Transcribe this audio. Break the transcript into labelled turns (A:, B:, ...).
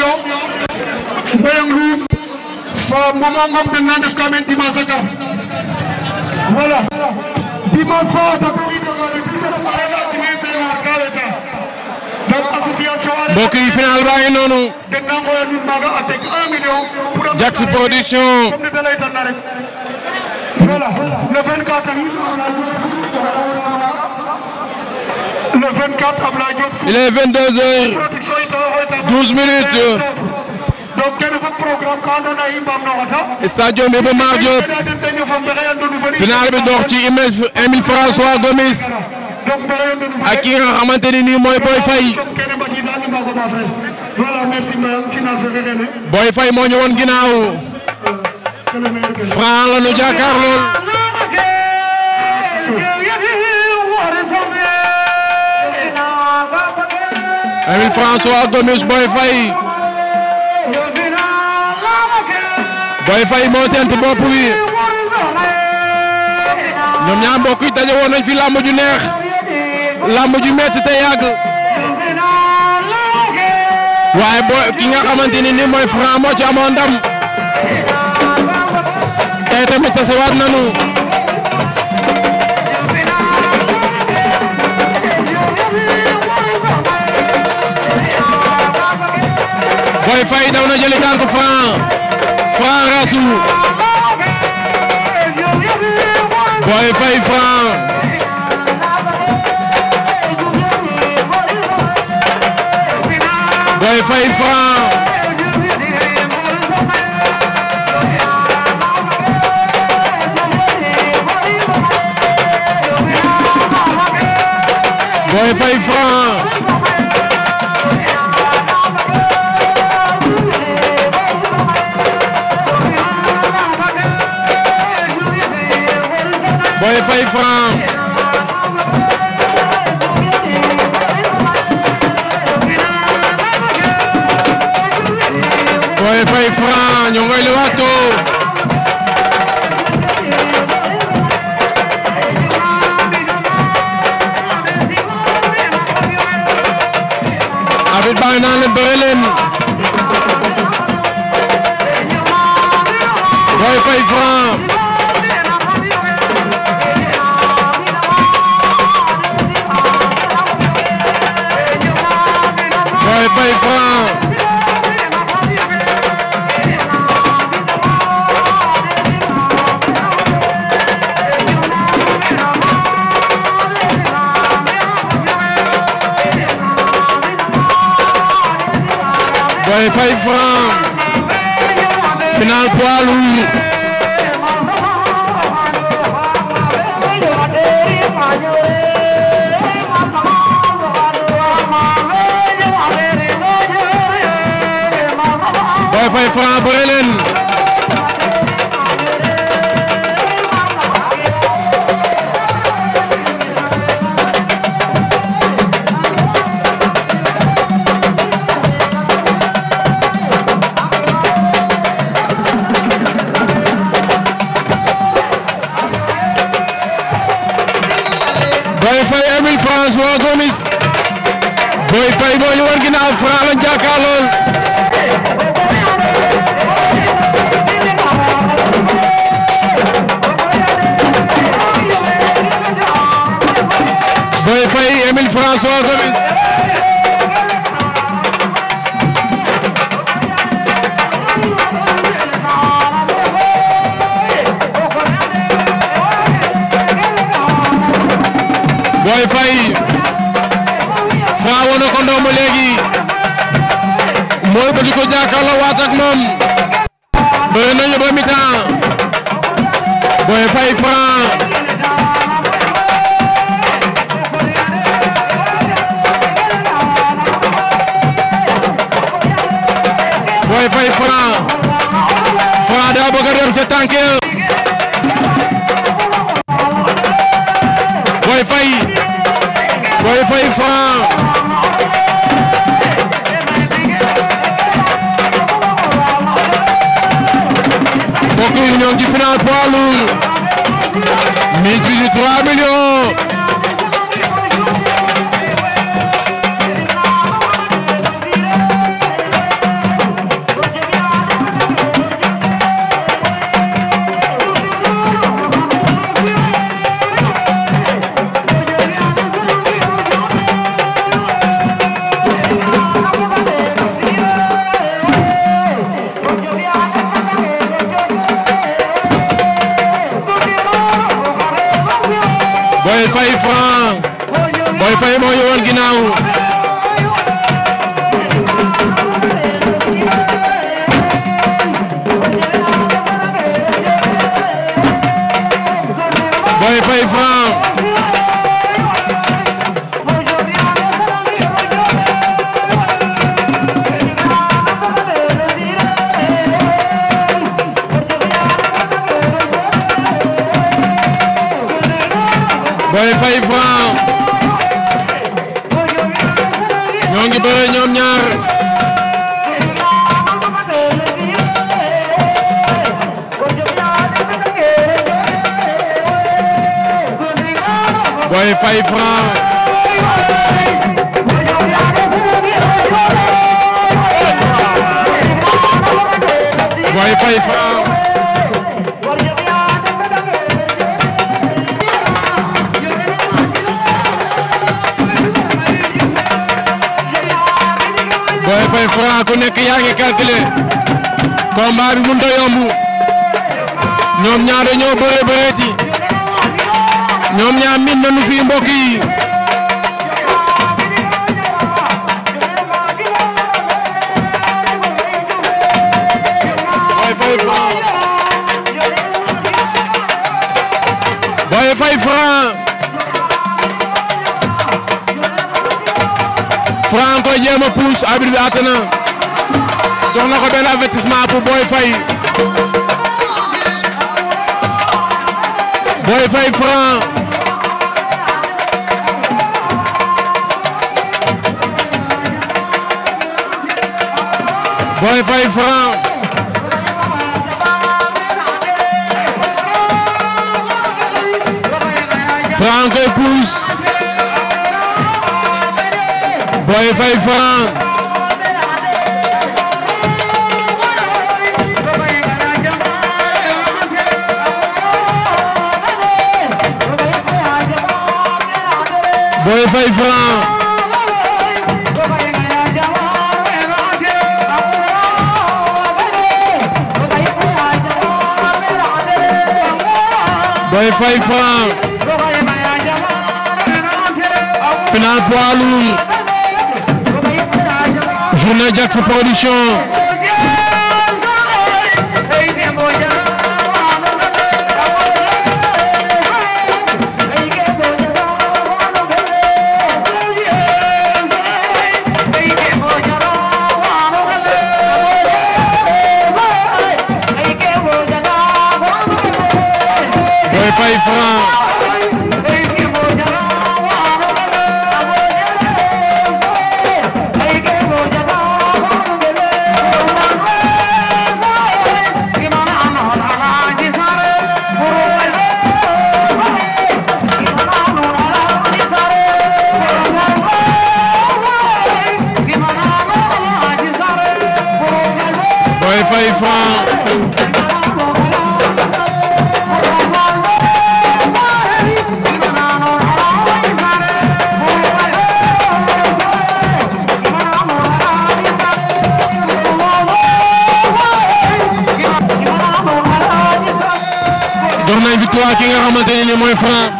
A: yo mbayang luum fo momo ngom den na ndef ka men dimanche kar voilà dimanche fa da ko mbokk yi final baa ngi noonu Jax Production le 24 le 24 Abdoulaye Diop il est 22 heures 12 minutes. Euh. stadium Iba Mar Diop. final bi dox ci Émile François Gomis. ak ki nii mooy Boy Faye. Boy Faye moo ñëwoon ginnaaw. Euh, Franc la ñu jàkkaar Lamine François Gomis Boy Faye Boy Faye moo tent bopp wi ñoom ñaar mbokk yi daje woon fi làmb neex làmb ju te yàgg waaye boo ki nga xamante ni ni Franc moo ci amoon ndam tey tamit tasewaat nanu Boy Faye daw na jëli tànk Franc Franc rasu Boy Faye Franc Boy Faye Franc Boy Faye Franc Boy Faye Franc Boy Faye Franc ñoo ngay lewaatoo abit baa ngi naan leen bëre leen Boy Faye Franc poids lourds Boy Faye Franc bëre leen Boy Faye moo ñu war ginnaaw Franc la jàkkaarlool Boy Faye Émile François tamit Boy waaw wane ko ndomb léegi mooy bëti ko jàkkaarloo waat ak moom bëri nañu ba mi-temps a dem ca tànk Boy Faye Boy ñoo ngi ci final poids lourd mise bi di 3 millions. Faye Franc Boy Faye moo ñu woon ginnaaw Boy Faye Franc Boy Faye Franc ñoo ngi bëre ñoom ñaar Boy Faye Franc Boy Faye Franc Franc ku nekk yaa ngi calculer combat bi mënut a ñoom ñaar dañoo bëree ñoom ñaar miin nañu fii mbokk yi. jéem a puus arbitre bi àtt na jox na ko benn avertissement pour Boy Faye Boy Faye Franc Boy Faye Franc Franc koy puus Boy Faye Franc Boy Faye Franc Boy Faye Franc final poids lourd journée Diaks production francs jox nañ victoire ki nga xamante ne nii mooy Franc